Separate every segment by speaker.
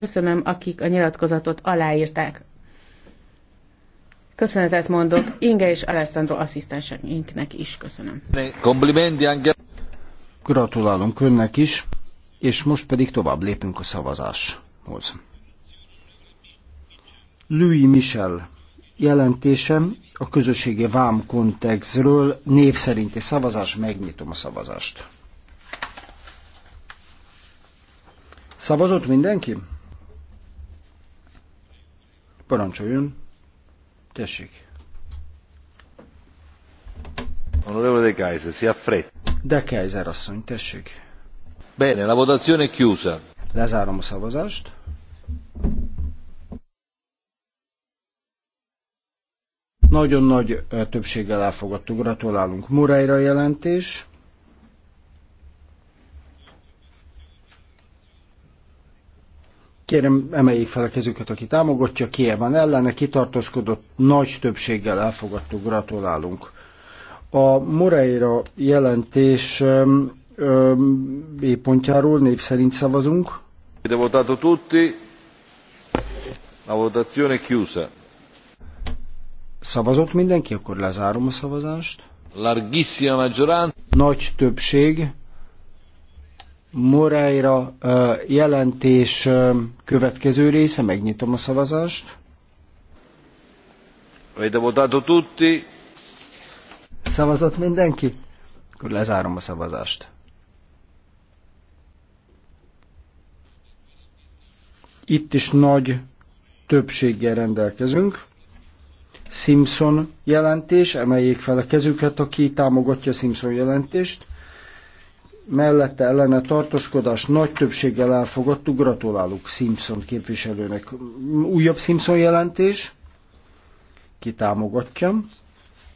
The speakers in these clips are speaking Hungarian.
Speaker 1: Köszönöm, akik a nyilatkozatot aláírták. Köszönetet mondok Inge és Alessandro asszisztenseinknek is köszönöm.
Speaker 2: Komplimenti anche. Gratulálunk önnek is, és most pedig tovább lépünk a szavazáshoz. Louis Michel jelentésem a közösségi vám kontextről név szerinti szavazás, megnyitom a szavazást. Szavazott mindenki? Parancsoljon. Tessék. Onorevole De Kaiser, si affretta. De Kaiser asszony, tessék. Bene, la votazione è chiusa. Lezárom a szavazást. Nagyon nagy eh, többséggel elfogadtuk. Gratulálunk Murayra jelentés. Kérem, emeljék fel a kezüket, aki támogatja, ki van ellene, kitartózkodott, nagy többséggel elfogadtuk, gratulálunk. A Moreira jelentés B pontjáról név szerint szavazunk. De votato tutti, a votazione chiusa. Szavazott mindenki, akkor lezárom a szavazást. Larghissima maggioranza. Nagy többség Moreira jelentés következő része, megnyitom a szavazást. Avete votato tutti? Szavazott mindenki? Akkor lezárom a szavazást. Itt is nagy többséggel rendelkezünk. Simpson jelentés, emeljék fel a kezüket, aki támogatja Simpson jelentést mellette ellene tartózkodás nagy többséggel elfogadtuk. Gratulálunk Simpson képviselőnek. Újabb Simpson jelentés. Ki támogatja?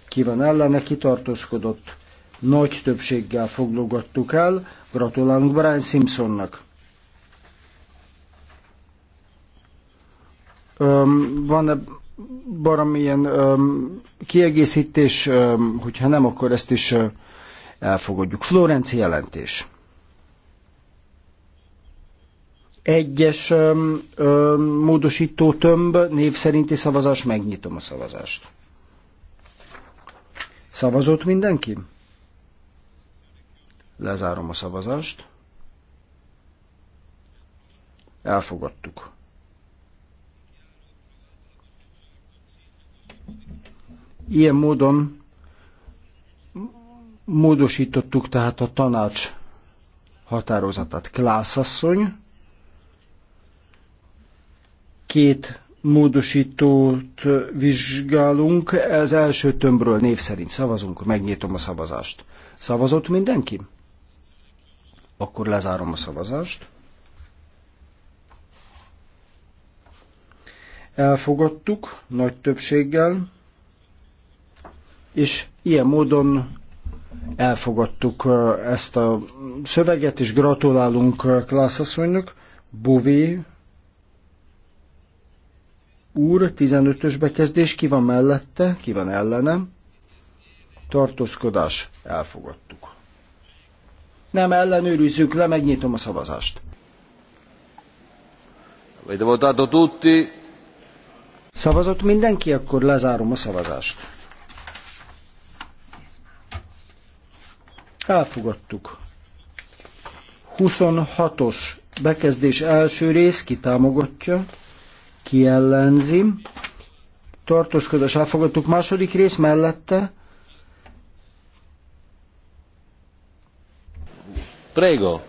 Speaker 2: Ki van ellene? Ki tartózkodott? Nagy többséggel foglogattuk el. Gratulálunk Brian Simpsonnak. van-e valamilyen öm, kiegészítés, öm, hogyha nem, akkor ezt is öm, elfogadjuk. Florenci jelentés. Egyes öm, módosító tömb név szerinti szavazás, megnyitom a szavazást. Szavazott mindenki? Lezárom a szavazást. Elfogadtuk. Ilyen módon Módosítottuk tehát a tanács határozatát. Klászasszony két módosítót vizsgálunk. Az első tömbről név szerint szavazunk, megnyitom a szavazást. Szavazott mindenki? Akkor lezárom a szavazást. Elfogadtuk nagy többséggel, és ilyen módon Elfogadtuk ezt a szöveget, és gratulálunk Klászasszonynak. Bové úr, 15-ös bekezdés, ki van mellette, ki van ellenem? Tartózkodás, elfogadtuk. Nem ellenőrizzük le, megnyitom a szavazást. Avete votato tutti? Szavazott mindenki, akkor lezárom a szavazást. elfogadtuk. 26-os bekezdés első rész kitámogatja, kiellenzi, tartózkodás elfogadtuk. Második rész mellette Prego.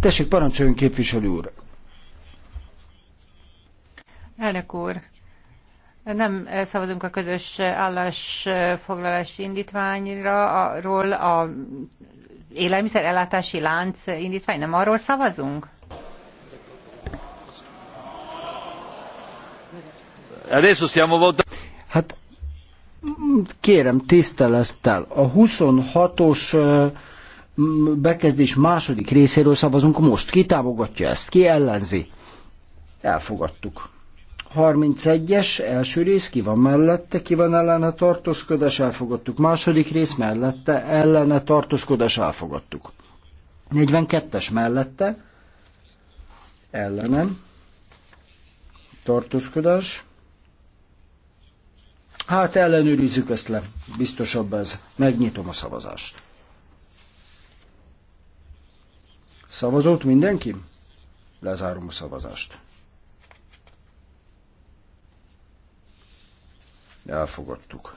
Speaker 2: Tessék, parancsoljon képviselő úr.
Speaker 1: Elnök úr, nem szavazunk a közös állásfoglalási indítványra, arról a élelmiszer ellátási lánc indítvány, nem arról szavazunk?
Speaker 2: Hát kérem tisztelettel, a 26-os bekezdés második részéről szavazunk most. Ki támogatja ezt? Ki ellenzi? Elfogadtuk. 31-es első rész ki van mellette, ki van ellene tartózkodás, elfogadtuk. Második rész mellette, ellene tartózkodás, elfogadtuk. 42-es mellette, ellenem, tartózkodás. Hát ellenőrizzük ezt le, biztosabb ez. Megnyitom a szavazást. Szavazott mindenki? Lezárom a szavazást. Elfogadtuk.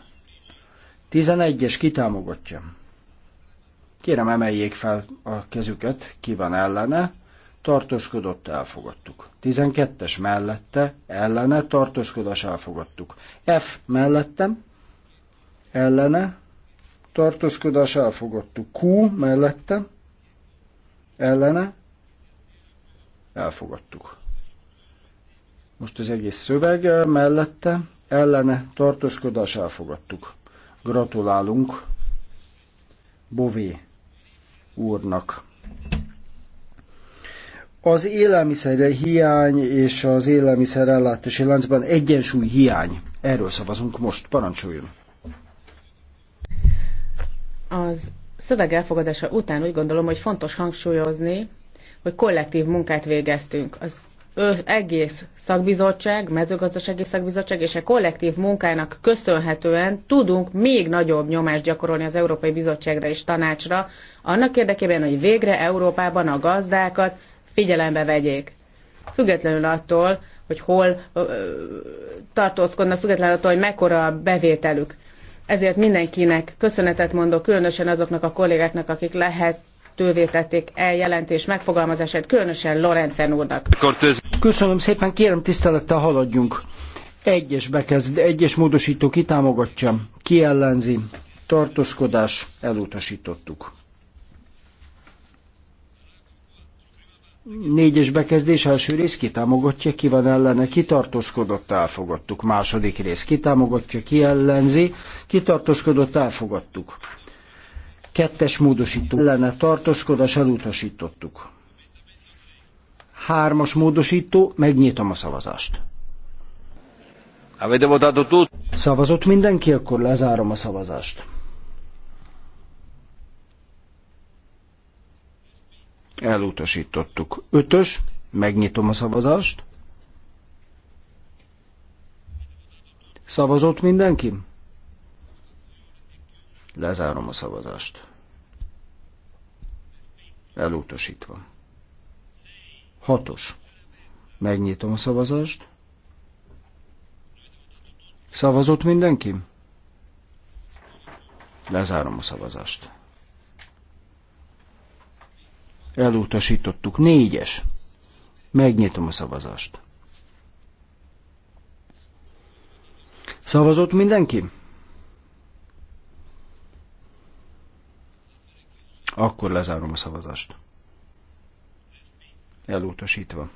Speaker 2: 11-es kitámogatja. Kérem, emeljék fel a kezüket, ki van ellene. Tartózkodott, elfogadtuk. 12-es mellette, ellene, tartózkodás, elfogadtuk. F mellettem, ellene, tartózkodás, elfogadtuk. Q mellettem, ellene, elfogadtuk. Most az egész szöveg mellette, ellene tartózkodás elfogadtuk. Gratulálunk Bové úrnak. Az élelmiszerre hiány és az élelmiszer ellátási láncban egyensúly hiány. Erről szavazunk most. Parancsoljon!
Speaker 1: Az szöveg elfogadása után úgy gondolom, hogy fontos hangsúlyozni, hogy kollektív munkát végeztünk. Az egész szakbizottság, mezőgazdasági szakbizottság és a kollektív munkának köszönhetően tudunk még nagyobb nyomást gyakorolni az Európai Bizottságra és tanácsra, annak érdekében, hogy végre Európában a gazdákat figyelembe vegyék. Függetlenül attól, hogy hol tartózkodnak, függetlenül attól, hogy mekkora a bevételük. Ezért mindenkinek köszönetet mondok, különösen azoknak a kollégáknak, akik lehet lehetővé tették eljelentés megfogalmazását, különösen Lorenzen úrnak.
Speaker 2: Köszönöm szépen, kérem tisztelettel haladjunk. Egyes bekezd, egyes módosító kitámogatja, ki ellenzi, tartózkodás, elutasítottuk. Négyes bekezdés első rész kitámogatja, ki van ellene, kitartózkodott, elfogadtuk. Második rész kitámogatja, ki ellenzi, kitartózkodott, elfogadtuk. Kettes módosító ellene tartózkodás elutasítottuk. Hármas módosító, megnyitom a szavazást. Avete votato tutti? Szavazott mindenki, akkor lezárom a szavazást. Elutasítottuk. Ötös, megnyitom a szavazást. Szavazott mindenki? Lezárom a szavazást. Elutasítva. Hatos. Megnyitom a szavazást. Szavazott mindenki? Lezárom a szavazást. Elutasítottuk. Négyes. Megnyitom a szavazást. Szavazott mindenki? Akkor lezárom a szavazást. Elutasítva.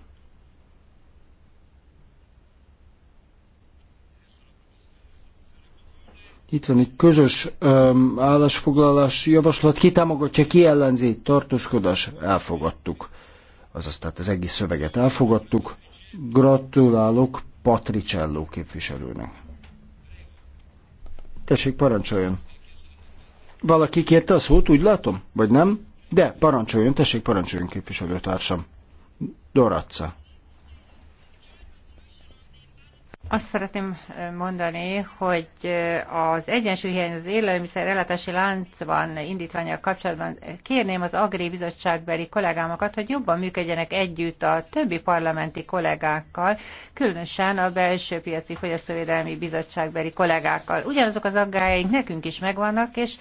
Speaker 2: Itt van egy közös um, állásfoglalás javaslat. Ki támogatja, ki ellenzi? Tartózkodás. Elfogadtuk. Azaz tehát az egész szöveget elfogadtuk. Gratulálok Patricello képviselőnek. Tessék, parancsoljon! Valaki kérte a szót, úgy látom? Vagy nem? De, parancsoljon, tessék, parancsoljon képviselőtársam. Doracca.
Speaker 1: Azt szeretném mondani, hogy az egyensúlyhiány az élelmiszer ellátási láncban indítványal kapcsolatban kérném az Agri Bizottságbeli kollégámokat, hogy jobban működjenek együtt a többi parlamenti kollégákkal, különösen a Belső Piaci Fogyasztóvédelmi Bizottságbeli kollégákkal. Ugyanazok az aggájaink nekünk is megvannak, és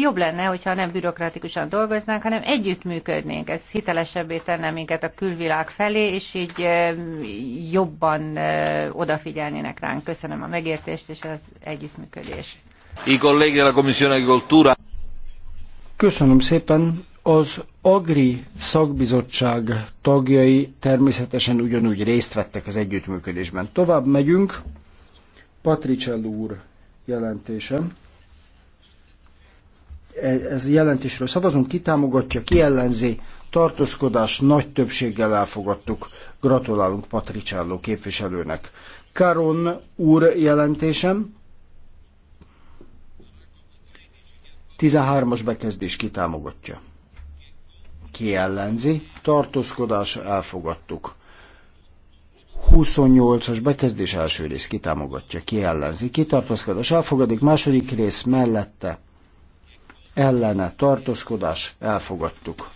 Speaker 1: jobb lenne, hogyha nem bürokratikusan dolgoznánk, hanem együttműködnénk. Ez hitelesebbé tenne minket a külvilág felé, és így jobban odafigyelünk figyelnének ránk. Köszönöm a megértést és az együttműködést.
Speaker 2: I colleghi della Commissione Agricoltura. Köszönöm szépen. Az Agri szakbizottság tagjai természetesen ugyanúgy részt vettek az együttműködésben. Tovább megyünk. Patricello úr jelentése. E, ez jelentésről szavazunk, ki támogatja, ki ellenzi, tartózkodás nagy többséggel elfogadtuk. Gratulálunk Patricello képviselőnek. Karon úr jelentésem. 13-as bekezdés kitámogatja. Ki ellenzi? Tartózkodás elfogadtuk. 28-as bekezdés első rész kitámogatja, ki ellenzi, kitartózkodás elfogadik, második rész mellette ellene tartózkodás elfogadtuk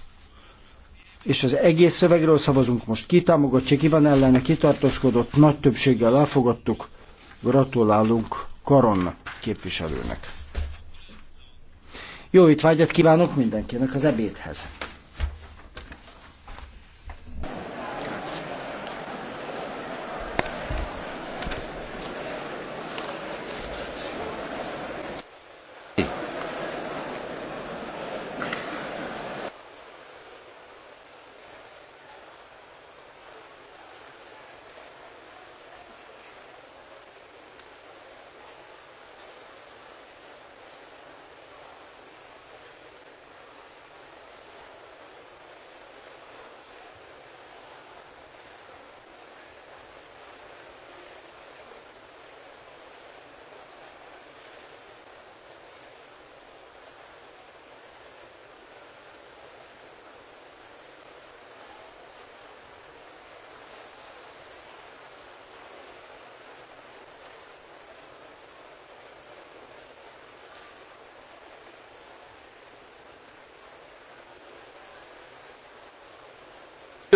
Speaker 2: és az egész szövegről szavazunk most. Ki támogatja, ki van ellene, ki tartózkodott, nagy többséggel elfogadtuk. Gratulálunk Karon képviselőnek. Jó étvágyat kívánok mindenkinek az ebédhez!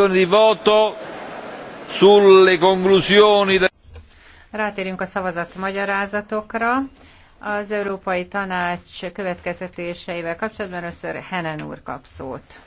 Speaker 2: di voto sulle conclusioni
Speaker 1: Rátérünk a szavazat magyarázatokra. Az Európai Tanács következtetéseivel kapcsolatban először Henen úr kap szót.